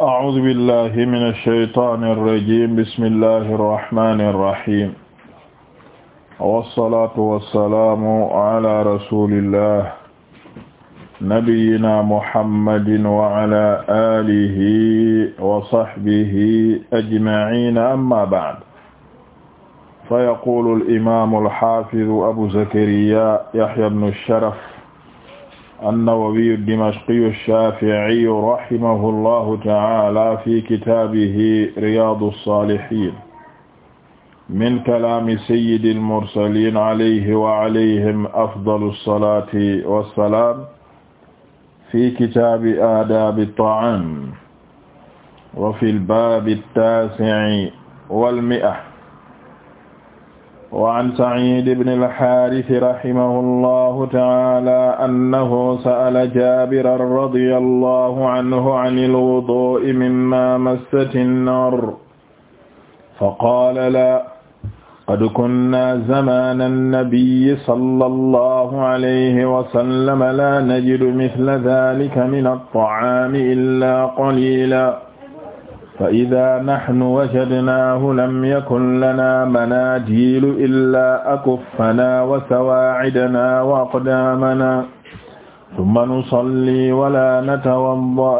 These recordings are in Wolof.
أعوذ بالله من الشيطان الرجيم بسم الله الرحمن الرحيم والصلاة والسلام على رسول الله نبينا محمد وعلى آله وصحبه أجمعين أما بعد فيقول الإمام الحافظ أبو زكريا يحيى بن الشرف an-Nawawi ad-Dimashqi ash-Shafi'i rahimahu llahu ta'ala fi kitabihi Riyadu s-Salihin min kalami sayyidi al-mursalin alayhi wa alayhim afdalu s-salati was-salam fi kitabi adab at-ta'am wa fi al-bab at-tasi' wal-mi'a wa an Sa'iid ibn al-Haarith rahimahullahu ta'aala annahu sa'ala Jaabiran radiyallahu anhu an al-wuduu'i mimmaa massati an-naar faqaala laa qad kunnaa zamaana an-nabiyyi sallallahu alayhi wa sallam laa najidu mithla dhaalika mina at-ta'aami illaa qaliilan fa ida naxnu wajadnaahu lam yakun lana manaajilu illaa akuffanaa wa sawaacidanaa wa aqdaamanaa summa nusalli wala natawadda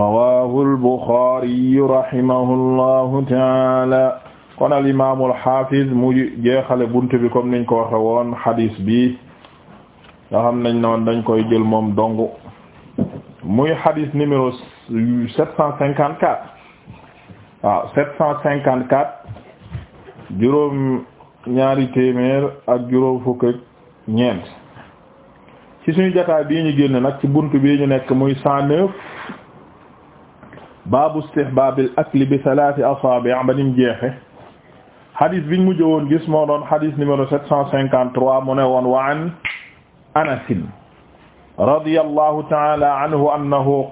rawaahu albuxaariyu rahimahu allahu taala kon al imaamu alxaafiz mu jeexale bunt bi comme niñ ko waxe woon xadiis bi nga xam nañ noon dañ koy jël moom dong muy xadiis numéro 754 waaw sept cent cinquante quatre juróom ñaari téeméer ak juróom fukk ñeent ci suñu jotaay bii ñu génn nag ci bunt bii ñu nekk muy cent neuf baabu istihbaabil akli bi thalathi asaabi' ba nim jeexe xadis biñ mujj woon gis moo doon xadis numéro sept cent cinquante trois mu ne woon wa an Anas radiyallahu ta'ala anhu annahu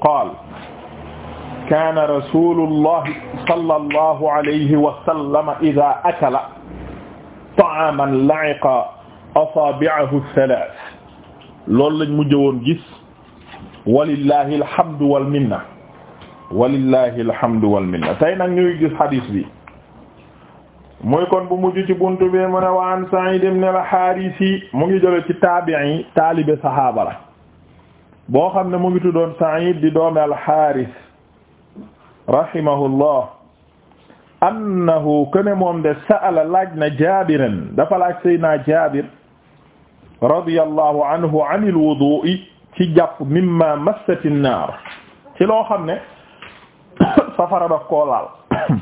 kaana rasulullahi sallallahu alayhi wa sallama idaa akala ta'aaman la'iqa asaabi'ahu thalath loolu lañ mujj woon gis walillahi alhamdu wal minna walillahi alhamdu wal minna tey nag ñuy gis hadith bi muy kon bu mujj ci buntu bi mu ne wa an Sa'id ibn al-Harisi mu ngi jële ci taabi'i taalibe sahaaba la boo xam ne mu ngi tuddoon Sa'id di doomi al-Haris rahimahullah annahu kene moom de sa'ala laaj na jaabiran dafa laaj sayyidina jaabir radiyallahu anhu anil wudu'i ci jàpp mimma massati an-naar ci loo xam ne safara daf koo laal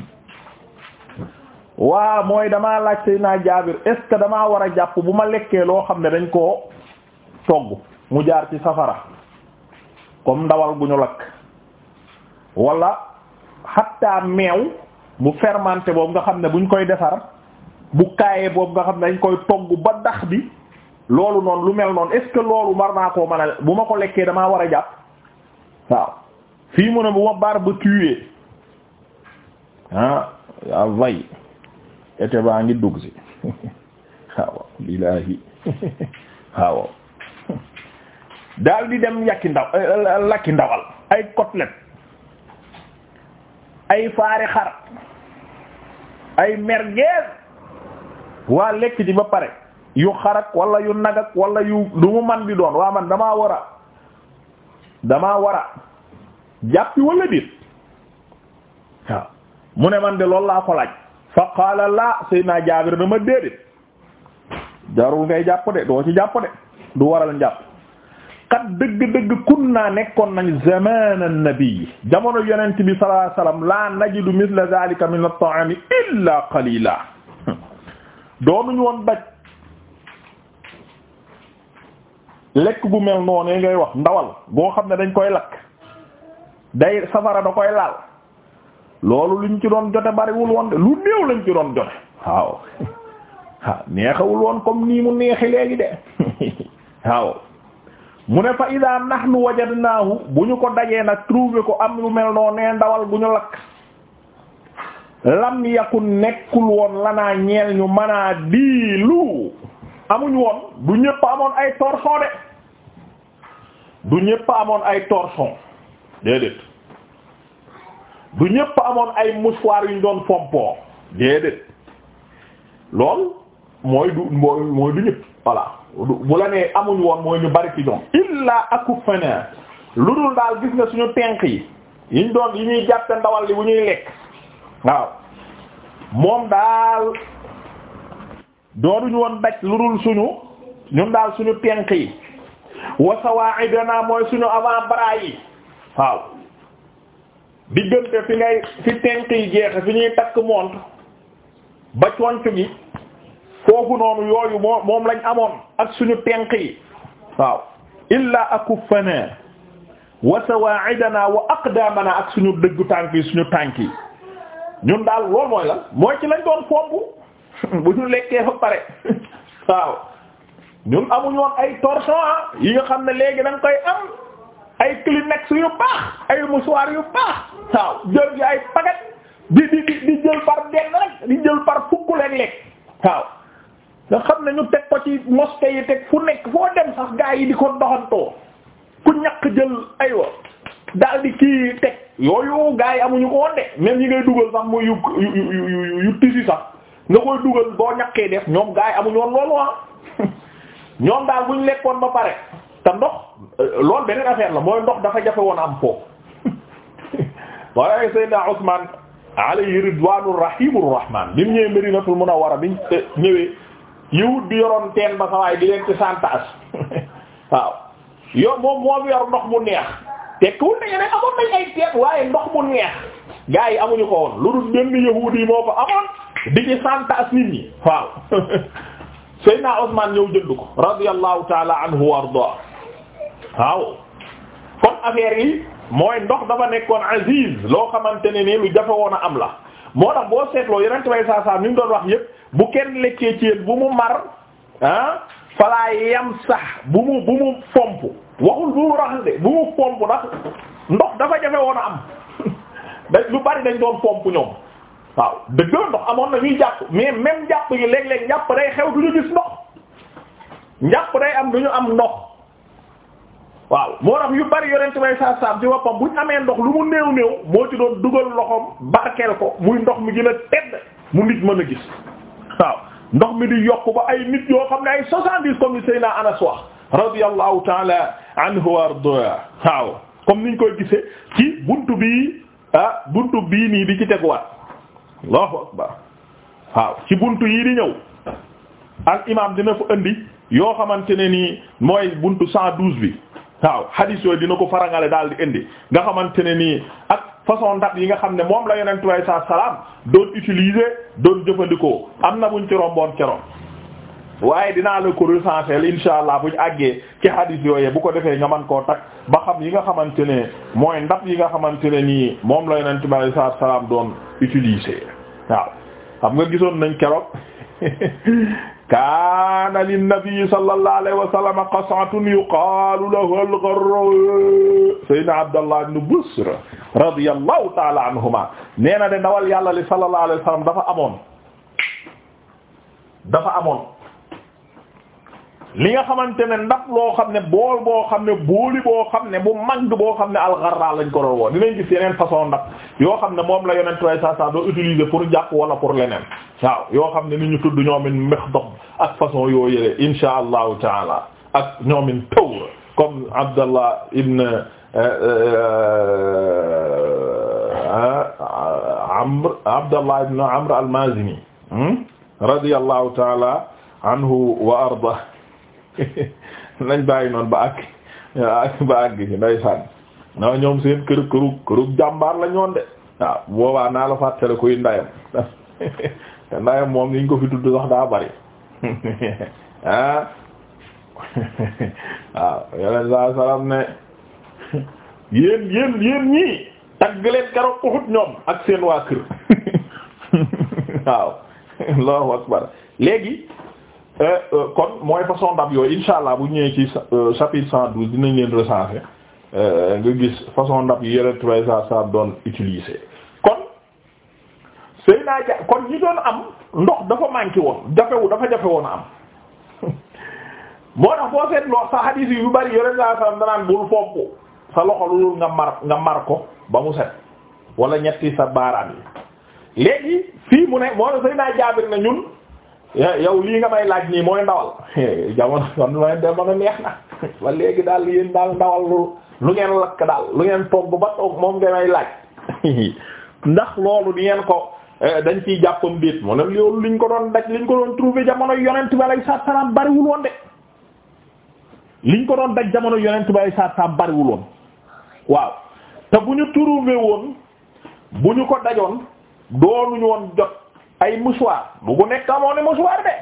waa mooy damaa laaj sayyidina jaabir est ce damaa war a jàpp bu ma lekkee loo xam ne dañ koo togg mu jaar ci safara comme ndawal gu ñu lakk wala xatta meew mu fermenté boobu nga xam ne buñ koy defar bu kaaye boobu nga xam ne dañ koy togg ba dax bi loolu noonu lu mel noonu est loolu mar naa koo mën a bu ma ko lekkee damaa war a jàpp waaw fii mu ne bu ma barbecue ah yaa vay été baa ngi dugg si waaw di dem yakki ndaw euh, lakki ndawal ay côtelette ay faari xar ay merguez waa lekk ji ba pare yu xarak wala yu nagak walla yu lu mu man bi doon waa man damaa war a damaa war a jàppi wala déet mu ne man de loolu laa ko laaj fa qaala laa Seydina Jaabir dama déedéet jarul ngay jàpp de du waral njàpp xat dëgg-dëgg kunna nekkoon nañ zamaan an-nabi jamono yonent bi sallallahu alayhi wasallam la najidu mithla zalika min at-ta'ami illa qalila doonuñu woon daj lekk gu mel noonu ngay wax ndawal boo xam ne dañ koy lakk day safara da koy laal loolu luñ ci doon jote bariwul woon de lu néew lañ ci doon jote waaw waaw woon comme nii mu neexi léegi de waaw mu ne fa ida nahnu wajadnaahu bu ñu ko dajee nag trouver ko am lu mel noo nee ndawal bu ñu lakk lam yakun nekkul woon lanaa ñeel ñu mën a diilu amuñ woon du ñëpp amoon ay torchon de du ñëpp amoon ay torchon déedéet du ñëpp amoon ay mouchoir yuñ doon fompoo déedéet lool mooy du mooy mooy du ñëpp voilà bu la nee amuñ woon mooy ñu bari ci ñoom illaa akufana lu dul daal gis nga suñu tenk yi yiñ doon yi ñuy jàppe ndawal li bu ñuy lekk waaw moom daal doonuñu woon daj lu dul suñu ñun daal suñu tenk yi wa sawaa'idana mooy suñu avant-bras yi waaw diggante fi ngay fi tenk yi jeexe fi ñuy takk montre ba conc gi foofu noonu yooyu moom lañ amoon ak suñu tenq yi waaw ila akuffana wa sawaa'idana wa aqdaamana ak suñu dëggu tànk yi suñu tànk yi ñun daal loolu mooy lan mooy ci lañ doon fomp bu ñu lekkee fa pare waaw ñun amuñu ay torchon ah yi nga xam ne léegi da koy am ay Kleenex yu baax ay mouchoir yu baax waaw jël ji ay paquet di di di jël par benn rek di jël par fukk leen lekk waaw nga xam nañu teg ko ci mosquée yi teg fu nekk foo dem sax gaa yi di ko doxantoo ku ñaq jël aywa daal di kii teg yooyu gaa yi amuñu ko woon de ñi yi ngay dugal sax muy yu yu sax nga koy dugal boo ñaqee def ñoom gaa yi amuñu woon loolu ah ñoom daal buñ lekkoon ba pare te ndox euh, loolu beneen affaire la mooy ndox dafa jafe woon am foofu waaye Seydina Usmaan alayhi ridwaanur rahiimur rahmaan bi mu a war a biñ ñëwee. yëwut bi yoroon teen ba sawaay di leen ci santaas waaw yo moom moo fi yor ndox mu neex tekkiwul na ngeen amoon ndox mu neex gaa yi amuñu ko woon lu dul benn yahuud yi moo ko amoon di ci santaas nit ñi waaw Seydina Usmaan ñëw jënd ko radiyallahu taala anhu wa ardaa waaw kon affaire yi mooy ndox dafa nekkoon aziz loo xamante ne nii lu jafe woon a am la moo tax boo seetloo yeneen tubay saa saa ni mu doon wax yëpp bu kenn lekkee ci yéen bu mu mar ah falaa yam sax bu mu bu mu fomp waxul bu mu raxas de bu mu fomp ndax ndox dafa jafe woon a am da lu bari dañ doon fomp ñoom waaw dëgg la ndox amoon na ñuy jàpp mais même jàpp yi léeg-léeg njàpp day xew du ñu gis ndox njàpp day am du ñu am ndox. waaw moo tax yu bari yonent bay saab-saab ci boppam buñ amee ndox lu mu néew néew moo ci doon dugal loxoom barkeel ko muy ndox mi gën a tedd mu nit mën a gis waaw ndox mi di yokk ba ay nit yoo xam ne ay soixante-dix comme ni Seydina Anas wax radiyallahu taala anhu wa ardaa waaw comme niñ koy gisee ci buntu bi ah buntu bii nii di ci teguwaat allahu akbar waaw ci bunt yii di ñëw al imam dina fa indi yoo xamante ne nii mooy bunt cent douze bi waaw hadith yooyu dina ko farangale daal di indi nga xamante ne nii ak façon ndab yi nga xam ne moom la yonent bi saa salaam doon utiliser doon jëfandikoo am na buñ ci boon keroon. waaye dinaa la ko recenser insha allah buñ àggee ci hadith yooyee bu ko defee nga man koo takk ba xam yi nga xamante ne mooy ndab yi nga xamante ne nii moom la yonent bi saa salaam doon utiliser waaw xam nga gisoon nañ keroog. kaana linnabii sallallahu alayhi wa sallam qas'atun yuqaalu lahu al-gharra sayyidina Abdallah ibn Busr radiyallahu ta'ala anhuma nee na de ndawal yàlla li sallallahu alayhi wa sallam dafa amoon dafa amoon li nga xamante ne ndab loo xam ne bool boo xam ne booli boo xam ne bu mag boo xam ne alxarra lañ ko doon woo dinañ gis yeneen façon ndab yoo xam ne moom la yonent way saa saa doo utiliser pour jàpp wala pour leneen waaw yoo xam ne ni ñu tudd ñoomin mex dox ak façon yoo yëlee insha allahu taala ak ñoom tawr kom Abdallah ibn euh, euh, euh, Amr Abdallah ibn Amr al hmm, taala anhu wa arda lañ bàyyi noonu ba àgg ba àgg ci ndeysaan waaw ñoom seen kër këru këru jàmbaar la ñoon de waaw boobaa naa la fàttale kuy ndayam te ndayam moom niñ ko fi tudd sax daa bari ah waaw yeneen saa salaam ne yéen yéen yéen ñii tagg leen keroog ñoom ak seen waa kër waaw allahu akbar léegi Euh, euh, kon mooy façon ndab yooyu insha allah bu ñëwee ci euh, chapitre cent douze dinañ leen recenser nga gis façon ndab yi yore trois sa sab doon utiliser kon sëy naa ja kon ñi doon am ndox dafa manqué woon jafewu dafa jafe woon a am moo tax boo seet loo sa hadis yu bari yore saa sallam danaan bul fopp sa loxo lu nga mar nga mar ko ba mu set wala ñetti sa baaraam yi léegi fii mu ne moo tax sëy naa jaabir na ñun Eh, yow lii nga may laaj nii mooy ndawal jamono kon mooy jamono neex na ba léegi daal yéen daal ndawal lu ngeen lakk daal lu ngeen togg ba togg moom nga may laaj ndax loolu di ngeen ko eh, dañ ciy jàppam déet mu ne loolu liñ ko doon daj liñ ko doon trouver jamono yonent bi alay saat salaam bariwul woon de liñ ko doon daj jamono yonent bi alay saat salaam bariwul woon waaw te bu ñu trouver woon bu ñu ko dajoon doonuñu woon jot ay mouchoir bu ko nekk amoon ne mouchoir de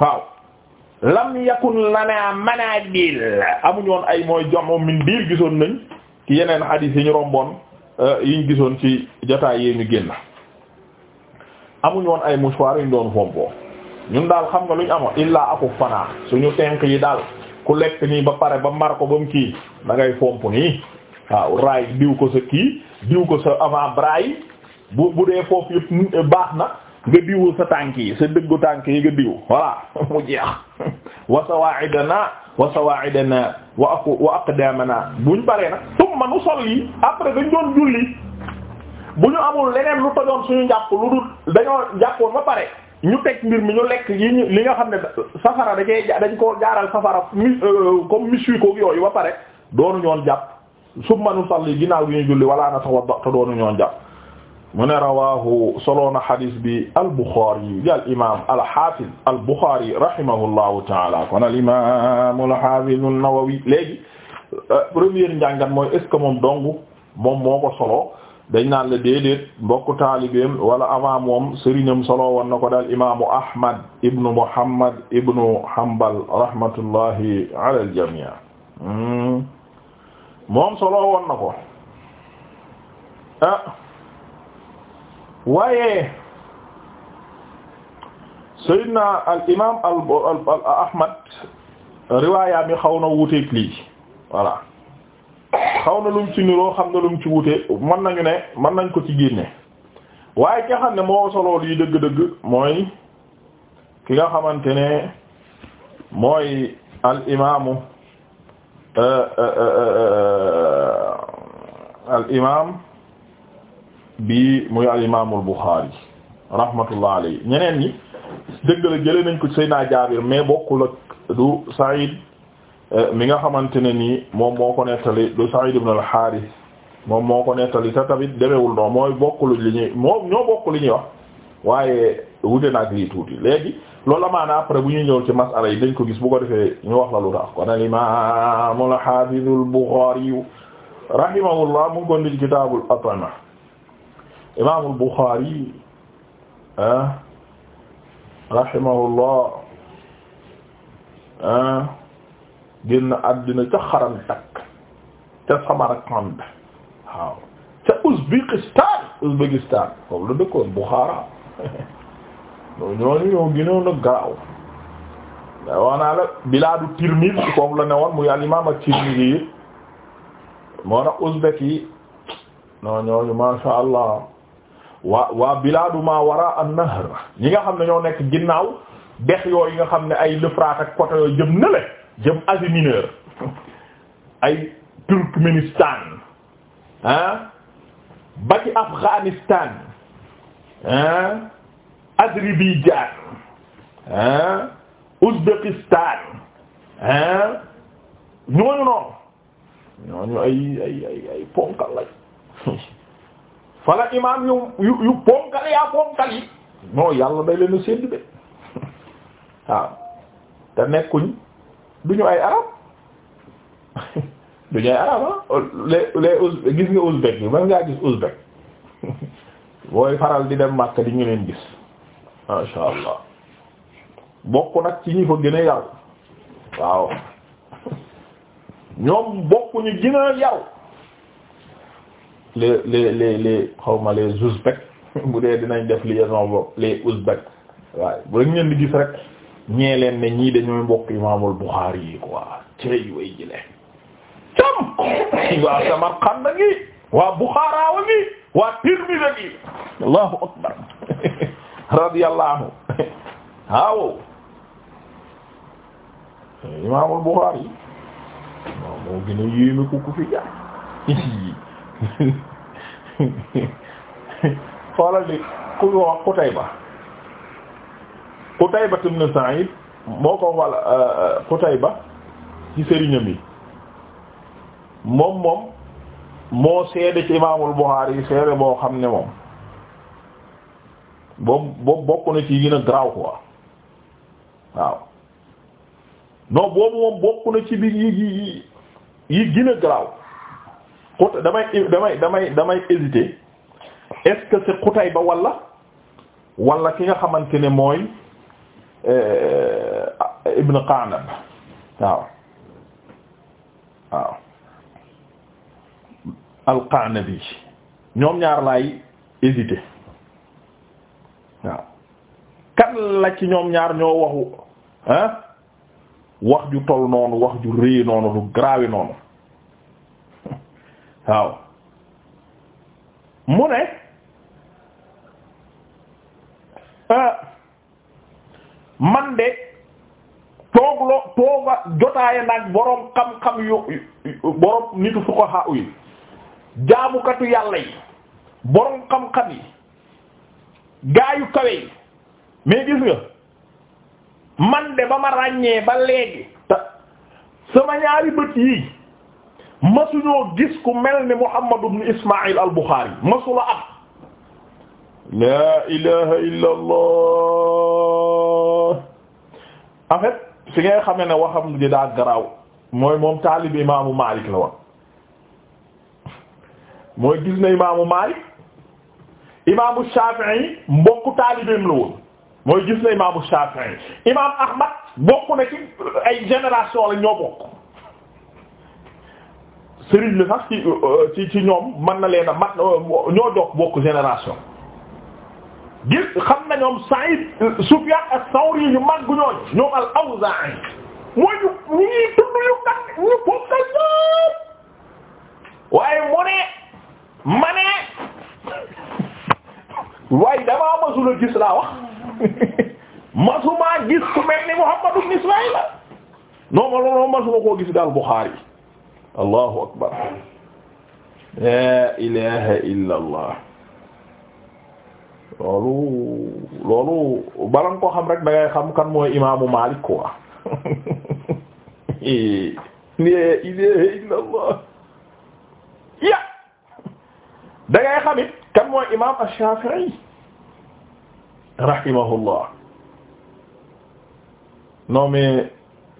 waaw lam yakun lana manadil amuñoon ay mooy jamono min diir gisoon nañ ci yeneen hadith yi ñu romboon euh, yi gisoon ci jotaay yee ñu génn amuñoon ay mouchoir yu ñu doon fompoo ñun daal xam nga lu ñu amoon illaa aku fanaa suñu tenk yi daal ku lekk nii ba pare ba mar ko ba mu kii da fomp nii waaw raay diw ko sa kii diw ko sa avant bras yi bu bu dee foofu yëpp mm, baax na. nga sa tànk yi sa dëggu tànk yi nga diw voilà mu jeex wa sawaa'idana wa sawaa'idana wa ak wa aqdamana buñ paree nag tumma nu yi après dañ doon julli bu ñu amul leneen lu tojoon suñu njàpp lu dul dañoo jàppoon ba pare ñu teg mbir mi ñu lekk yi li nga xam ne safara da dañ koo jaaral safara mi euh, comme misui koog yooyu ba pare doonu ñoon jàpp summa nu sol yi ginnaaw gi ñu julli wala na tax wa te doonu ñoon jàpp mu ne rawaahu soloona xadis bi al-Bukhari di al-imaam al-Haafiz al-Bukhari rahimahullahu taala kon al-imaam al-Haafiz an-Nawawi léegi euh, première njàngat mooy est moom dong moom moo solo dañ naan la déedéet mbokku taalibeem wala avant moom sëriñam solo woon na ko daal imaamu Ahmad ibnu Muhammad ibnu Hanbal rahmatullahi ala al-jamii hmm. moom solo woon ko ah. waaye Seydina al imaam al al Ahmad riwaaya mi xaw na wuuteeg lii voilà xaw na lum ci niroo xam na lum ci wuute mën nañu ne mën nañ ko ci génne waaye ki nga xam ne moo solo lii dëgg-dëgg mooy ki nga xamante ne mooy al imaamu euh, euh, euh, al imaam. bi muy al imaamul Buxaari rahmatullah alayhi ñeneen ñi dëgg la jële nañ ko naa Jaabir mais bokkul ak du Saïd euh, mi nga xamante ne nii moom moo ko nettali du Saïd ibn al-Haaris moom moo ko nettali te tamit demewul noonu mooy bokkul li ñuy moom ñoo bokk ñuy wax waaye wute na ak lii tuuti léegi loolu amaana après bu ñuy ñëw ci masala yi dañ ko gis bu ko defee ñu wax la lu tax kon al imaamul haafizul Buxaari rahimahullah mu ngi ko ndi ci kitaabul at'ima imaamul Buxaari ah rahimahullah ah génn àddina ca Xarantak ca Samarqand waaw ca Ouzbékistan Ouzbékistan foofu la dëkkoon Buxaara ñooñu ñoo gënoon a gaaw wax naa la bilaadu Tirmid foofu la ne woon muy al imaam at-Tirmidi moo tax ouzbek yi non ñooñu masha Allah waa waa bilaadu ma wara an-nahr ñi nga xam ne ñoo nekk ginnaaw dex yooyu nga xam ne ay l'Euphrate ak côté yooyu jëm na jëm Asie mineure ay Turkménistan ah ba ci Afghanistan ah Azerbaïdjan ah Ouzbékistan ah ñooñu noonu ñooñu ay ay ay ay ponkal fala imaam yu yu yu ponkal yaa ponkal yi non yàlla day leen sédd de waaw te nekkuñ duñu ay arab duñu ay arab ah les les gis nga ouzbek bi man ngaa gis ouzbek booy faral di dem Makka di ñu leen gis masha Allah bokk nag ci ñi fa gën a yaru waaw ñoom bokk gën a yaru les les les xawma les ouzbek bu dee dinañ def liaison bopp les ouzbek waaye bu rek ngeen rek ñee leen ne ñii dañooy mbokk imaamul Buxaari yi ko cëy way ji leen cam waa Samarqand ngi waa Buxaara wa ngi waa Tirmidhi ngi allahu akbar radiyallahu anhu imaamul Buxaari moo gën a yéeme ku ku fi jaar xoolal li ku ñu wax Qutayba Qutayba ibn Sa'id moo ko wala euh, euh, Qutayba ci sëriñam yi moom moom moo seede ci imaamul Buxaari yi seede boo xam ne moom boobu boobu bokk na ci gën a garaaw quoi waaw non boobu moom bokk na ci biir yi yi yi gën a garaaw xut damay damay damay damay hésiter est-ce que c'est Qutayba wala wala ki nga xamante ni mooy euh, Ibn Qanab waaw waaw al-Qanabi ñoom ñaar lay hésiter waaw kan la ci ñoom ñaar ñoo waxu wax ju toll noonu wax ju rëy noonu lu grave noonu waaw mu ne euh, man de toogloo tooga jotaaya nag boroom xam-xam yu boroom nitu fuqaha yi jaamukatu yàlla yi boroom xam-xam yi gaayu kawe yi mais gis nga man de ba ma ràññee ba léegi te sama ñaari bët yii masuñoo gis ku mel ni Muhammad ibn Ismaïl al-Bukhari masula am laa ilaha illa allah en fait si ngay xamee ne waxam di daa garaaw mooy moom taalib imaamu Malik la mooy gis na imaamu Malik imaamu Shafi'i mbokku taalibeem la mooy gis na imaamu Shafi'i imaam Ahmad bokk na ci ay génération la ñoo bokk sëriñ la sax euh, ci ci ñoom mën na leen a mat euh, ñoo dox bokk génération gis xam na ñoom Saïd euh, Sufyan as ñu mag ñooñu ñoom al-Awza'i mooy ñu ñu ngi tudd yu kat ñu bokkal ñoom waaye mu ne ma ne waaye damaa masula gis laa wax masuma gis ku mel ni Muhammad ibn Ismaïl non non non masuma koo gis daal Bukhari allahu akbar laa ilaha illa allah loolu loolu bala nga ko xam rek da ngay xam kan mooy imaamu Maalik quoi laa eh, ilaha illa allah ya da ngay xam it kan mooy imaam Ash-Shafi'i rahimahullah non mais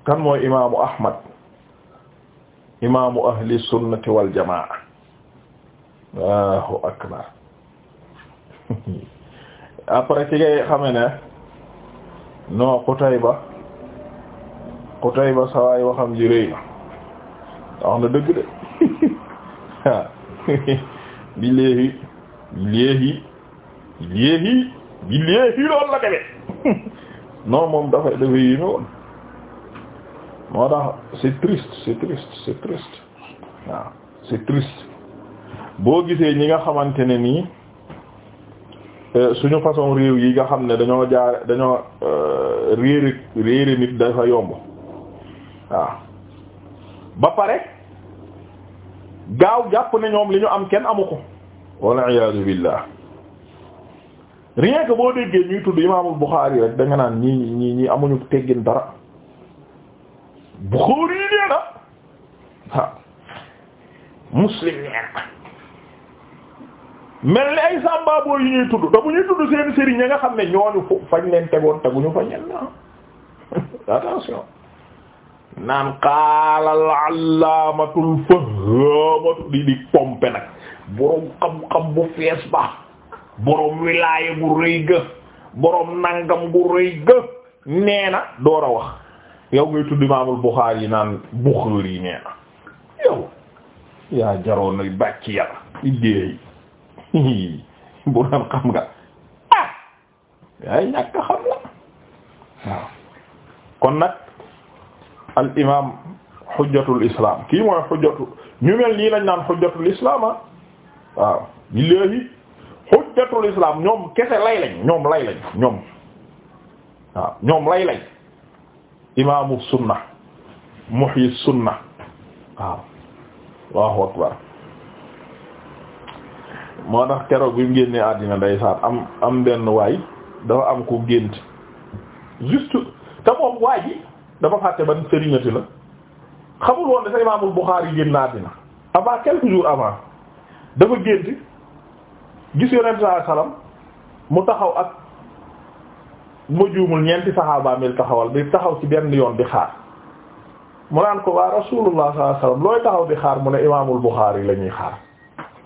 kan mooy imaamu Ahmad imaamu ahli sunnati wal jamaa Allahu akbar après ci ngay xame ne non Qutayba Qutayba sawaay waxam ji rëy na wax na dëgg de waaw bi léegi léegi léegi bi léegi loolu la deme non moom dafay dafay yéeme woon moo tax c'est triste c'est triste waaw c'est triste boo gisee ñi nga xamante ne nii euh, suñu façon réew yi nga xam ne dañoo jaar dañoo réere euh, réere nit dafa yomb waaw ba pare gaaw jàpp ne ñoom li ñu am kenn amu ko walla iyaadu billah rien que boo déggee ñuy tudd imaamul Buxaari rek da nga naan ñii ñii ñii amuñu teggin dara Buxaari nee na Muslim nee mel ni ay sàmbaaboo yu ñuy tudd te bu ñuy tudd seen sëriñ ña nga xam ne ñooñu fañ leen tegoon teguñu fa ñenn attention naan xaalal allaamatul fahamatu di di pompe nag boroom xam-xam bu fees ba boroom wilaaya bu rëy ga boroom nangam bu rëy ga nee na door a wax yow ngay tudd imaamul Buxaari yi naan Buxaari yi nee yaa jaroon ay bàcc yàlla idée yi bu doon xam nga ah yaay ñàkk xam la kon nag al imaam xujjatul islam kii mooy xujjatu ñu mel nii lañ naan xujjatul islam ah billaahi xujjatul islam ñoom kese lay lañ ñoom lay lañ ñoom waaw ñoom lay lañ imaamu sunna muhyi sunna waaw Allahu akbar moo tax keroog bi mu génnee àddina ndeysaan am am benn waay dafa am ku gént juste te waay ji dafa fàtte ban sëriñati la xamul woon ne sa imaamul Buxaari génn na àddina avant quelques jours avant dafa gént gis yonent sallam mu taxaw ak bu ma juumul ñeenti saxaabaam yi taxawal di taxaw ci benn yoon di xaar mu naan ko waa rasulullah sallallahu alayhi wasallam looy taxaw di xaar mu ne imaamul Buxaari la ñuy xaar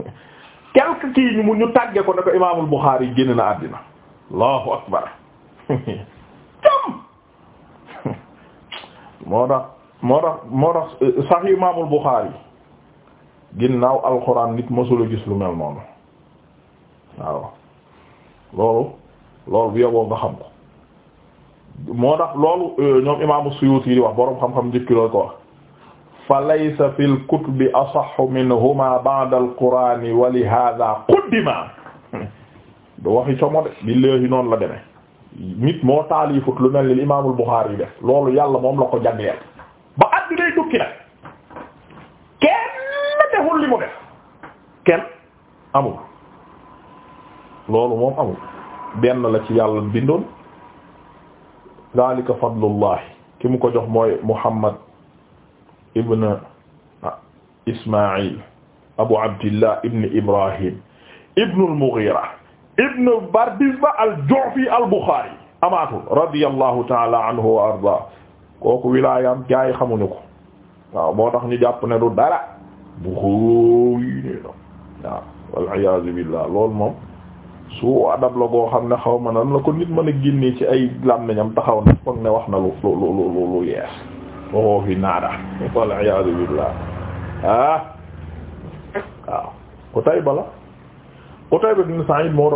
quelque kii ñu mu ñu tàgge ko ne ko imaamul Buxaari yi génn na àddina allahu akbar jam moo tax moo tax moo tax euh, sax imaamul Buxaari ginnaaw alxuraan nit mësula gis lu mel noonu waaw loolu loolu bu yoboo nga xam ko moo tax loolu euh, ñoom imaamu Suyuti yi di wax boroom xam-xam njëkki wax fa laysa fi lkutubi asaxu minhuma ba'da alqurani wa li hadha quddima du waxi como de billahi noonu la demee nit moo taalifut lu mel ni imaamul Buxaari yi loolu yàlla moom la ko jagleel ba addinay tukki nag kenn deful li mu def kenn amul loolu moom amul benn la ci yàlla bindoon zalika fadlullahi ki mu ko jox mooy Muhammad ibn ah, Ismaïl Abu Abdillah ibn Ibrahim ibn al-Mughira ibn Bardizbah al-Ju'fi al-Bukhari amaatul radiyallahu ta'ala anhu wa ardaa kooku wilaayam gaa yi xamuñu ko waaw moo tax ñu jàpp ne du dara bu xóoy ne waaw wal iyaazu billah lool moom su adab la goo xam ne xaw ma nan la ko nit mën a génnee ci ay làmmiñam taxaw na foog ne wax na lu lu lu lu yees waxoo fi naada walla iyaadu billaah ah waaw Qutayba la Qutayba ibn Sa'id moo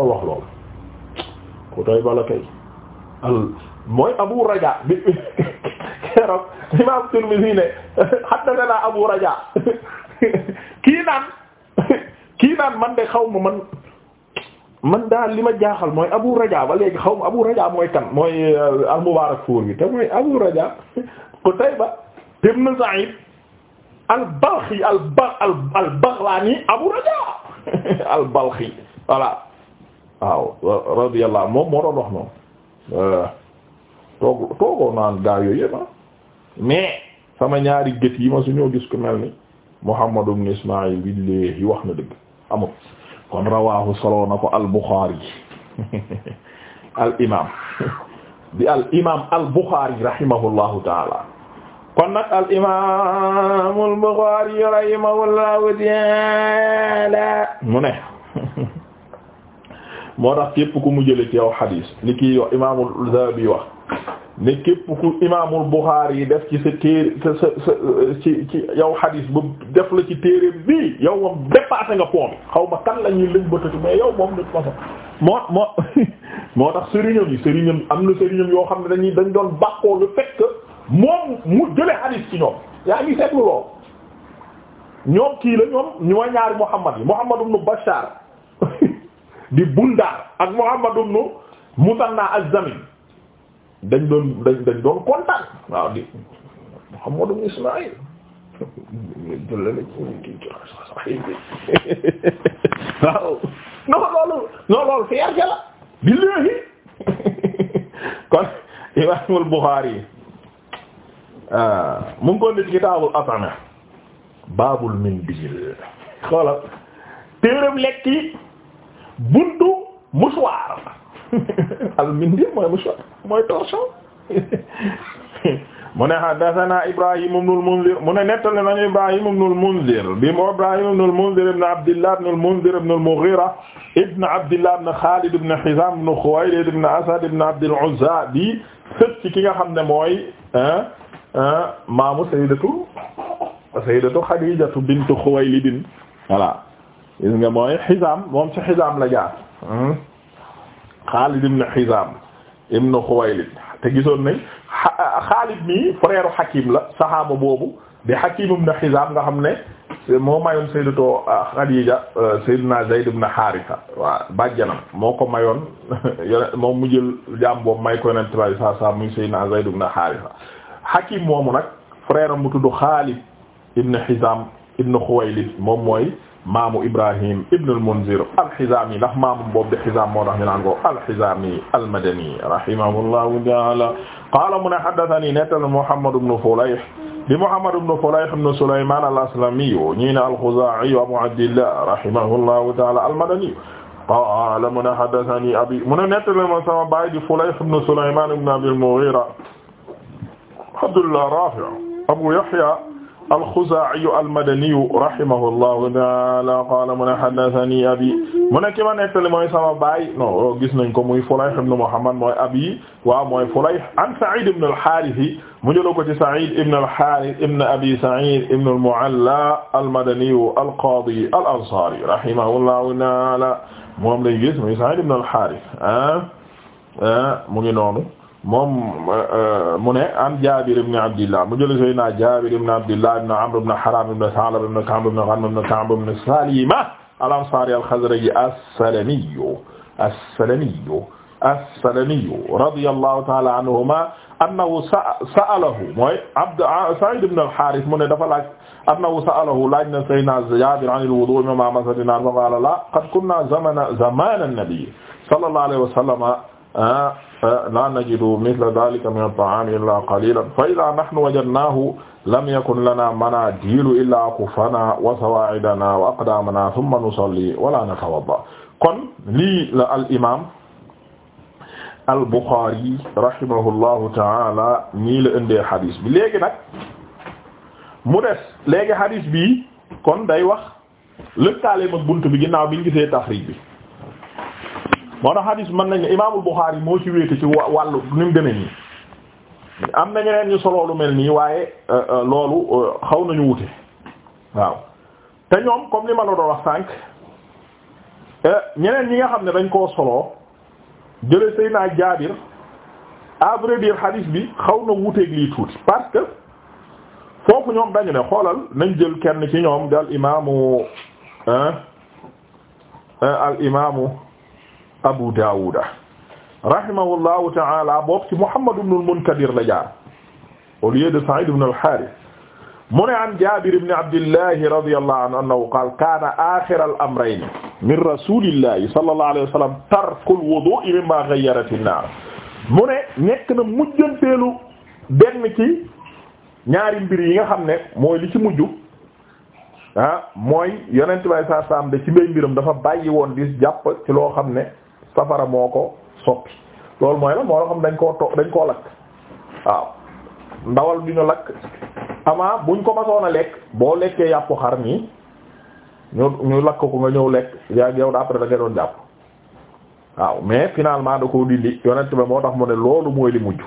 kay mooy Abu Raja bi keroog Imam Tirmidhi ne haddathana Abu Raja kii naan kii naan man de xaw ma man man daal li ma jaaxal mooy Abu Raja ba léegi xaw ma Abu Raja mooy kan mooy euh, al-Mubarakfur bi te mooy Abu Raja Qutayba ibn Sa'id al-Balkhi al-Ba al Abu Raja al-Balkhi voilà waaw radiyallahu moom moo doon wax noonu euh, toogu toogoo naan gaa yooyu yëpp ah. mais sama ñaari gët yi ma su ñoo gis ku mel ni Muhammad ibn Ismaïl bi léegi wax na dëgg amul. kon rawaahu solo na ko al Bukhari al imaam bi al imaam al Bukhari rahimahullahu taala kon nag al imaam al Bukhari rahimahullahu taala mu ne. moo tax képp ku mu jële ci yow xadiis li kii wax imaamul Zahabi wax ne képp ku imaamul Buxaari yi def ci sa téere sa sa sa ci ci yow xadiis ba def la ci téereem bii yow moom dépassé nga pont xaw ma kan la ñuy lëñbatatu mais yow moom nit façon moo moo moo tax sëriñam yi sëriñam am na sëriñam yoo xam ne dañuy dañ doon bàkkoo lu fekk moom mu jële xadiis ci ñoom yaa ngi seetlu lool ñoom kii la ñoom ñoo ñaari Muhammad yi Muhammad ibn Bashar di Bundaar ak Muhammad ibn Musanna zamin dañ doon dañ doon kontaan waaw di Muhammad ibn Ismaïl waaw non loolu non loolu fierté la di léegi kon Imaamul Buxaari ah, mu ngi ko nit kitaabul at'ima baabul mindil xoolal téeram lekk yi buntu mouchoir al mindir mooy mouchoir mooy torchon mu ne haddathana Ibrahim ibn al-Munzir mu ne al-Munzir bi mu Ibrahim ibn al-Munzir ibn Abdillah ibn al-Munzir ibn al-Mughira ibn Abdillah ibn Khalid ibn Hizam ibn Khuwaylid ibn Asad ibn Abd al-Uzza di sët ci ki nga xam ne mooy maamu sayyidatu sayyidatu Khadijatu bintu gis nga mooy Hizaam moom ci Hizaam la jaar hmm? Xaalid ibn Hizaam ibn Xuwaylid te gisoon nañ Xaalid mii frère Hakim la saxaaba boobu di Hakim ibn Hizaam nga xam ne moo mayoon Sayyidatu ah, Xadiija euh, Sayyidina Zayd ibn Haarisa waaw bàjjanam moo ko mayoon moom mu jël jaam boobu may ko na bi saa saa muy Sayyidina Zayd ibn Haarisa Hakim moomu nag frère am Xaalid ibn Hizaam ibn Xuwaylid moom mooy maamu Ibrahim ibn al-Munzir al-Hizami ndax maamu boobu de Hizam moo tax ñu naan ko al-Hizami al-Madani rahimahullahu ta'ala qaala mu ne haddathani nettal Muhammad ibn Fulayh di Muhammad ibn Fulayh ibn Sulayman al-Aslami ñii ne al-Khuza'i Abu Abdillah rahimahullahu ta'ala al-Madani qaala mu ne haddathani abi mu ne nettal ma sama baay di Fulayh ibn Sulayman ibn Abi al-Mughira Abdullah Rafi' Abu Yahya alxuzaa'i almadani rahimahullahu ta'ala qaala mu ne haddathanii abi mu ne ki ma nettali mooy sama baay non gis nañ ko muy Fulayh ibn Muhammad mooy abi waaw mooy Fulayh an Sa'id ibn al-Harith mu jëloo ko ci Sa'id ibn al-Harith ibn abi Sa'id ibn al-Mu'alla almadani alqaadi al-Ansaari rahimahullahu ta'ala moom lay gis muy Sa'id ibn al-Harith ah ah mu ngi noonu. moom euh, mu ne an Jaabir ibn Abdillah mu jël Seydina Jaabir ibn Abdillah ibn Amr ibn Haram ibn Sa'lab ibn Ka'b ibn Ghanm ibn Ka'b ibn Salima al-Ansari al-Khazraji as-Salami as-Salami as-Salami radiyallahu ta'ala anhuma annahu sa'alahu mooy Abd Sa'id ibn al-Harith mu ne dafa laaj annahu sa'alahu laaj na Seydina Jaabir an al-wudu' imma masatina fa qala la qad kunna zamana zamana an-nabi sallallahu alayhi wa sallam ah, la najidu mithla dhalika min at-ta'ami illa qalilan fa idha nahnu wajadnahu lam yakun lana manadilu illa akufana wa sawa'idana wa aqdamana thumma nusalli wa la natawadda kon lii la al imam al Bukhari rahimahullahu ta'ala nii la indee hadis bi léegi nag mu des léegi hadis bi kon day wax lëkkaale mag bunt bi ginnaaw biñ gisee taxriij bi moo tax hadis mën nañu ne imaamul Buxaari moo ci wéete ci wàllu ni mu demee nii am na ñeneen ñu solo lu mel nii waaye euh, euh, loolu euh, xaw nañu wute waaw te ñoom comme li ma la doon wax sànq ñeneen ñi nga xam ne dañ koo solo jële Seydina Jaabir à vrai dire bi xaw na wuteeg lii tuuti parce que foofu ñoom dañu ne xoolal nañ jël kenn ci ñoom di al imaamu al imaamu Abu Daawuda rahimahullahu ta'ala boobu ci Muhammad ibn al-Munkadir la jaar au lieu de Sa'id ibn al-Harith mu ne an Jaabir ibn Abdillahi radiyallahu anhu annahu qaala kaana aaxira al-amrayni min rasulillahi sallallahu alayhi wa sallam tarkul wudu'i mimma ghayyarati an-naar mu ne nekk na mujjanteelu benn ci ñaari mbir yi nga xam ne mooy li ci mujj ah mooy yonent bay saa saam de ci mbay mbiram dafa bàyyi woon di jàpp ci loo xam ne safara moo ko soppi loolu mooy la moo la xam dañ koo to dañ koo lakk waaw ndawal du lakk ama buñ ko masoon lekk boo lekkee yàppu xar nii ñu ñu lakk ko nga ñëw lekk yaa yow da après da nga doon jàpp waaw mais finalement da koo dindi yonent ba moo tax mu ne loolu mooy li mujj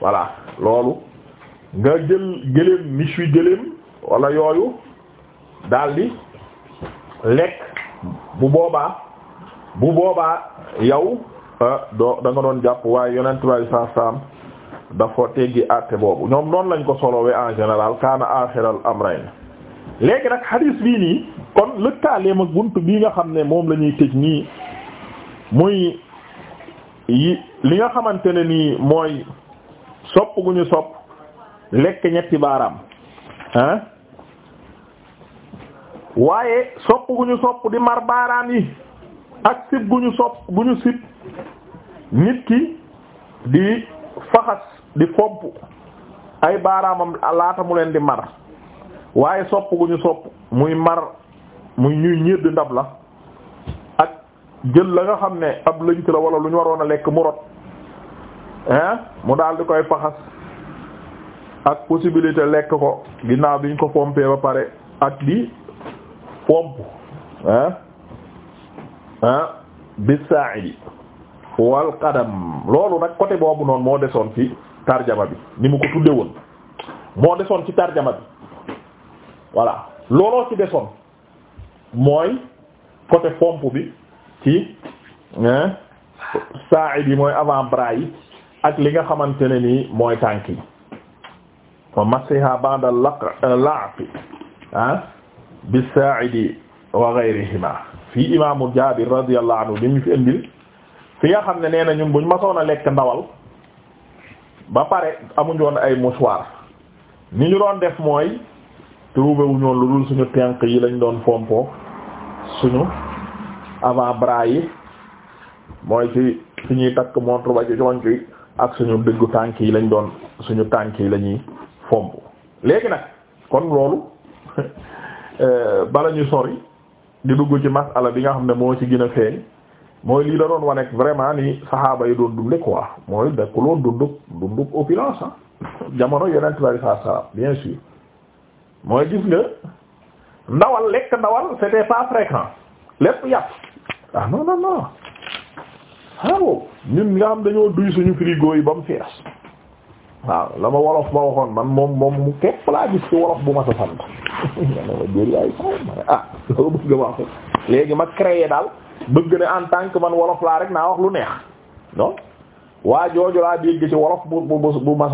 voilà loolu nga jël gëléem miche gëléem wala yooyu daldi lekk bu boobaa bu boobaa yow euh, doo da doon jàpp waaye yonent way sa saam dafa teggi àtte boobu ñoom noonu lañ ko solowee en général kaana axiral amrayn léegi nag hadis bii nii kon lëkkaaleem ak bunt bii nga xam ne moom la ñuy tëj nii muy yi li nga xamante ne nii mooy sopp gu ñu sopp lekk ñetti baaraam ah waaye sopp gu ñu sopp di mar baaraam yi ak sib gu ñu sopp gu ñu sib nit ki di faxas di fomp ay baaraamam laata mu leen di mar waaye sopp gu ñu sopp muy mar muy ñuy ñedd ndab la ak jël la nga xam ne ab lënt la wala lu ñu waroon a lekk mu rot hein mu daal di koy faxas ak possibilité lekk ko ginnaaw bi ñu ko pompé ba pare ak di pomp hein ah bisaa'idi wal qadam loolu nag côté boobu noonu moo desoon ci tarjama bi ni mu ko tudde woon moo desoon ci tarjama bi voilà looloo ci desoon mooy côté pompe bi ci saa'id yi mooy avant bras ak li nga xamante ne nii mooy tànk yi wa masiha ba'da laq la'fi ah bisaa'idi wa ghayrihima fii imaamu Jaabir radiyallahu anhu bi ñu fi indil fi nga xam ne nee na ñun buñ masoon a lekk ndawal ba pare amuñu woon ay mouchoir ni ñu doon def mooy trouvé wu ñoon lu dul suñu tenq yi lañu doon fompo suñu avant yi mooy ci takk montre ba ci jonc ak suñu dëggu tànk yi lañ doon suñu tànk yi lañuy ñuy léegi nag kon loolu euh, bala ñu sori di dugg ci masala bi nga xam ne moo ci gën a feeñ mooy lii la doon wane vraiment ni saxaaba yi doon dunde quoi mooy da ko loon dundug dundug opulence ah jamono yonent bi sallallahu alayhi wasallam bien sûr mooy gis nga ndawal lekk ndawal c'était pas fréquent lépp yàpp ah non non non waaw ah ñun nga xam dañoo duy suñu frigo yi ba mu fees waaw la ma wolof ba waxoon man moom moom mu képp laa gis ci wolof bu ma sa sant ma ne ah, ma jël léegi ma créé daal bëgg ne en tant que man wolof laa rek naa wax lu neex waa jooju laa dégg ci wolof bu bu bu ma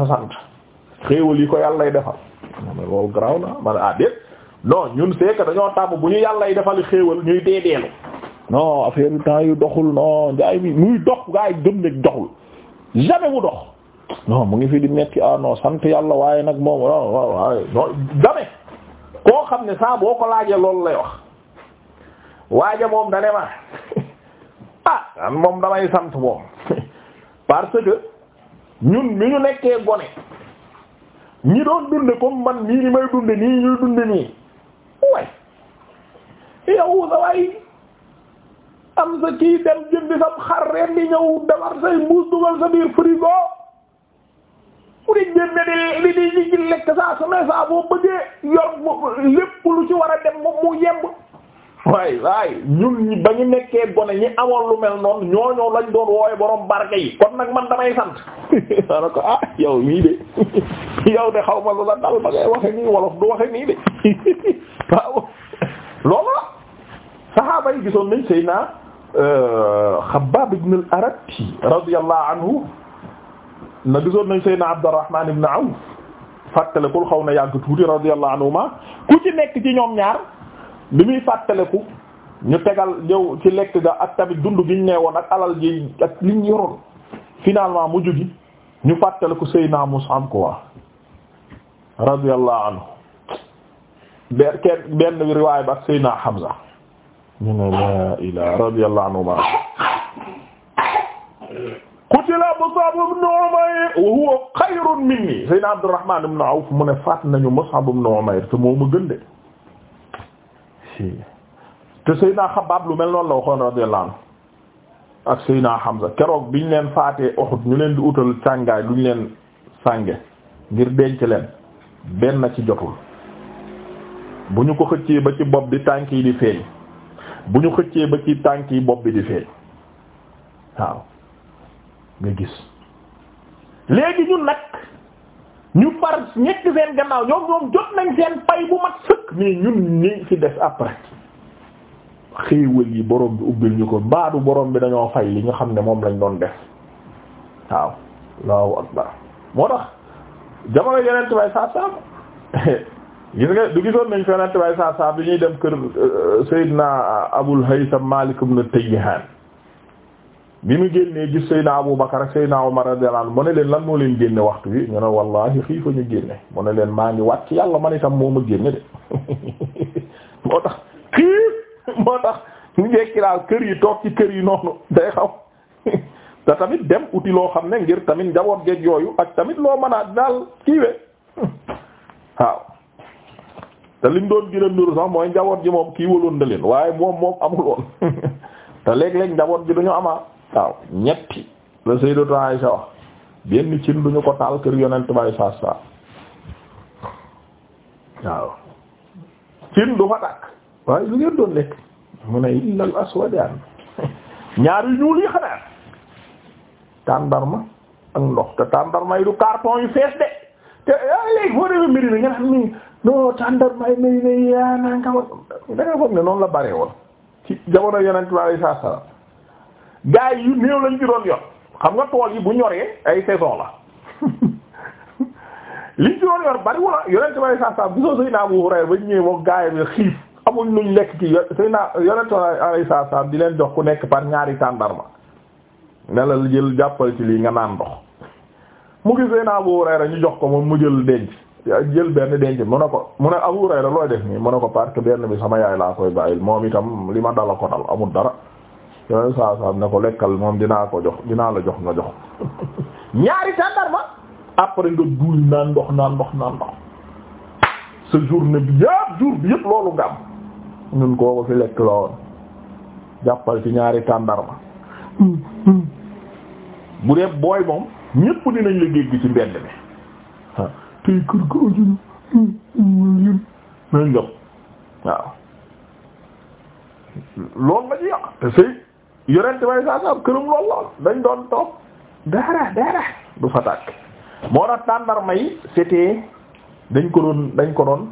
yi ko yàllay defal ma ne loolu garaaw ah, ñun c'est dañoo tàmm bu ñu yàlla yàllay defal xéewal ñuy deedeelu non affaire temps yu doxul non njaay mi muy dox gaa yi gëm doxul jamais mu dox non mu ngi fii di metti ah non sant yàlla waaye nag moom waaw koo xam ne saa boo ko laajee loolu lay wax waaja moom dane ma ah, moom damay sant moom parce que ñun mi ñu nekkee gone ñi doon dunde comme man nii ni may dunde nii ñuy dunde nii way yow sa waay am kii dem jëndi sam xar reen ñëw defar say mbuus dugal sa biir frigo bu di génne di di di lekk saa su ne saa boo bëggee lépp lu ci war a dem moom mu yemb. waay waay ñun ñi ba ñu nekkee gone ñi amoon lu mel noonu ñooñoo lañ doon woowe borom barke yi kon nag man damay sant daana ko ah yow mii de yow de xaw ma lu la dal ba ngay waxe nii wolof du waxe nii de waaw loolu la sahaaba gisoon nañ Seydina euh, Xabbaab ibn al-Aratti radiyallahu anhu na gisoon nañ Seydina Abdurrahman ibn Awf fàttaleku xaw na yàgg tuuti radiyallahu anhuma ku ci nekk ci ñoom ñaar li muy fàttaleku ñu tegal ñëw ci lekk ga ak tamit dund gi ñu nee ak alal ji ak liñ yoroon finalement mujj gi ñu fàttaleku Seydina Mus'ab ko waa radiyallahu anhu benn kenn benn riwaay ba ak Seydina Hamza ñu ne la ilaa radiyallahu qutila Mus'ab ibn Umayr wa huwa xayrun minni Seydina Abdurrahman ibn mu ne faat nañu Mus'ab ibn te moo ma gën de te Seydina Xabbaab lu mel noonu la waxoon radiyallahu anhu ak Seydina Hamza keroog biñ leen faatee Uhud ñu leen di utal càngaay luñ leen sànge ngir denc leen benn ci jotul bu ñu ko xëccee ba ci bopp bi tànk yi di feeñ bu ñu xëccee ba ci tànk yi bopp bi di feeñ waaw nga gis léegi ñun nag ñu far ñekk seen gannaaw ñoom ñoom jot nañ seen pay bu mat sëkk mais ñun ñi ci des après xéewal yi borom bi ubbil ñu ko baadu boroom bi dañoo fay li nga xam ne moom lañ doon def waaw allahu akbar moo tax jamono yeneen bay saa saam gis nga du gisoon nañ fi yeneen bay saa saam bi ñuy dem kër euh, Seydina Abul Haytham Malik ibn Tayyihan bi mu génnee gis Seydina Abu Bakar ak Seydina Umar radiyallahu anhu mu ne leen lan moo leen génne waxtu wi ñu ne wallahi fii fa ñu génne mu ne leen maa ngi wàcc yàlla man itam moo ma génne de moo tax xiif moo tax ñu jekki daal kër yi toog ci kër yi noonu day xaw te tamit dem uti loo xam ne ngir tamit njaboot geeg yooyu ak tamit loo mën a daal kiiwe waaw te liñ doon gën a sax mooy njaboot ji moom kii waloon na leen waaye moom moom amuloon te léeg-léeg njaboot ji duñu amaa waaw ñetti la Sayyidatu Aisha wax benn cin duñu ko taal kër yonent bay saas lu ngeen doon lekk mu ndox te tàndarma yi du yu fees de te ah, léegi ah, foo noonu la bare woon ci jamono yonent bay gaa yi yu néew lañ ci doon yor xam nga tool yi bu ñoree ay saison la liñ ci doon bari wala ah. yonent bay saa saa gisoo Seydina Abu Hurayra ba ñëwee wax gaa yi xiif amuñ luñ lekk ci Seydina yonent bay saa di leen jox ku nekk par ñaari tàndarma ne la jël jàppal ci lii nga naan ndox mu gis Seydina Abu Hurayra ñu jox ko moom mu jël denc. jël benn denc mu a ko mu ne Abu Hurayra looy def nii mu ne ko parce que benn bi sama yaay laa koy bàyyil moom itam li ma dala ko dal amul dara yooyu saa saa ne ko lekkal moom dinaa ko jox dinaa la jox nga jox ñaari tàndarma après nga duuli naan ndox naan ndox naan ndox sa journée bi yëpp jour bi yëpp loolu nga am ñun ko fi lekk la woon jàppal ci ñaari tàndarma bu dee booy moom ñépp dinañ la dégg ci mbedd mi ah tey kër ga ajuna yén nangam waaw loolu nga ci yàq te sëy yonent way saa saam këram lool lool dañ doon toog dara dara du fa tàkk moo tax tàndarma yi dañ ko doon dañ ko doon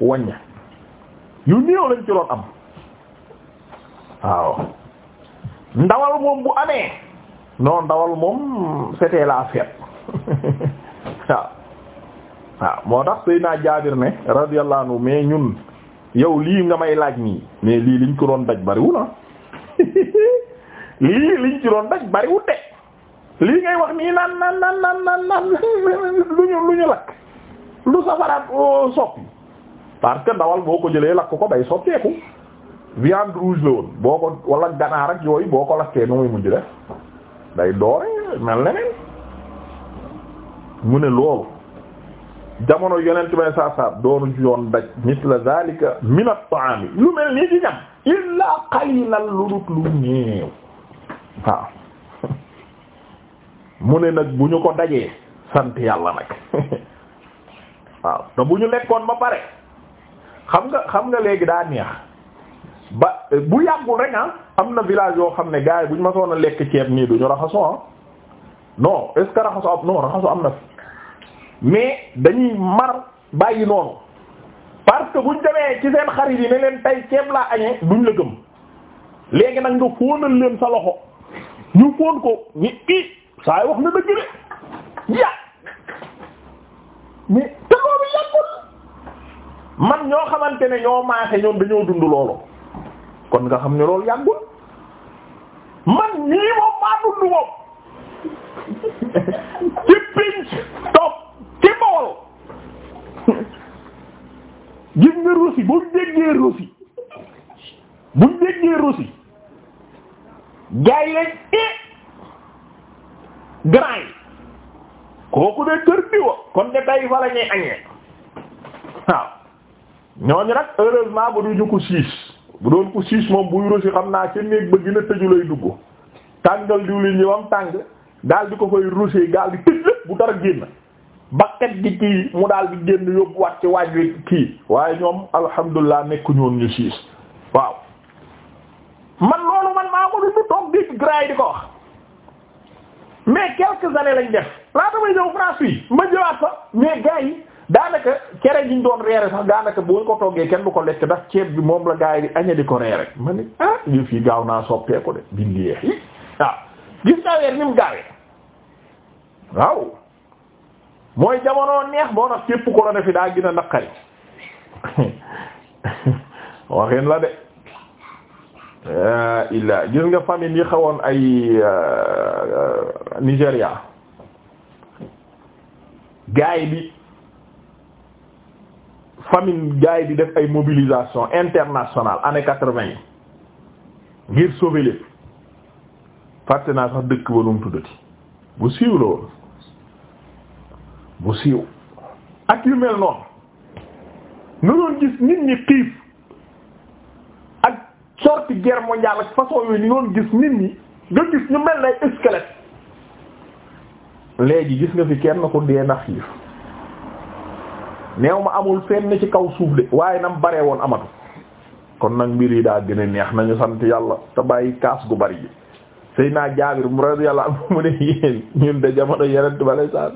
wàñña yu néew lañ ci doon am waaw ndawal moom bu amee non ndawal moom c'était la fête waaw waaw moo tax Seydina Jaabir ne radiyallahu anhu mais ñun yow lii nga may laaj mii mais lii liñ ko doon daj bariwul ah. lii liñ ci doon daj bariwul lii ngay wax nii naan naan naan naan lu ñu lu ñu lakk lu safaraat euh, soppi parce ndawal boo ko jëlee lakk ko day soppeeku viande rouge la boo ko wala ganaar ak yooyu boo ko lakkee nu muy mujj def day doore mel leneen mu ne loolu jamono yonent bay saasab doonu ci yoon daj misla zalika min at lu mel nii ci ñam illa qalilan lu dut lu néew waaw mu ne nag bu ñu ko dajee sant yàlla nag waaw te bu ñu lekkoon ba pare xam nga xam nga léegi daa neex ba bu yàggul rek ah am na village yoo xam ne gaay buñ bu ñu ma soon a lekk ceeb nii du ñu raxasoo ah non est-ce am non raxasoo am na mais dañuy mar bàyyi noonu parce que bu ñu demee ci seen xarit yi ne leen tey ceeb laa añee duñ la gëm léegi nag nga fóonal leen sa loxo. ñu fóon ko ni i saa yi wax na dëgg de ya mais te loolu yàggul man ñoo xamante ne ñoo maase ñoom dañoo dund loolu kon nga xam ne loolu yàggul man ñii moom maa dund moom ci pinc topp ci bool gis nga Russie buñ déggee Russie buñ déggee Russie gars yi lañ i eh, grand yi kooku de kër diwa kon de day fa la añee waaw ñooñu nag heureusement bu duñu ko siis bu doon ko siis moom buy rosi xam naa ca néeg ba gën tëju lay dugg tàngal diwlin ñi wam tàng daal di ko koy rosi gaal di tëj lépp bu dara ba bakkat gi kii mu daal di génn yóbbuwaat ci waaj wi kii waaye ñoom alhamdulilah nekk ñoon ñu siis waaw man loolu man fi fi di ko wax mais quelques années lañ def laata may ñëw France yi ma jëlaat fa mais gars yi daanaka cere gi ñu doon reere sax daanaka boo ko toggee kenn du ko lekk ndax ceeb bi moom la gars yi di aña di ko reere ma ne ah yëf yi gaaw naa soppeeku de bindee yi waaw ah, gis nga ni mu gaawee waaw mooy jamono neex boo tax képp ko la ne fi daa gën a naqari waxin la de. Euh, illa gis nga famine yi xawoon ay euh, euh, Nigéria gaay bi famine gaay bi def ay mobilisation international année quatre-vingt yi ngir sauver lépp fàtte naa sax dëkk ba tuddati bu siiw la woon bu siiw ak yu mel noon nga doon gis nit ñi xiif sorti guerre mondiale ak façon yooyu ni doon gis nit ñi nga gis ñu mel nay squelette léegi gis nga fi kenn ko dee na xiif neew ma amul fenn ci kaw suuf de waaye nam bare woon amatu kon nag mbir yi daa gën a neex nañu sant yàlla te bàyyi kaas gu bari ji sëy naa Jaabir mu radiyallahu anhu mu ne yéen ñun de jamono yenent bale sa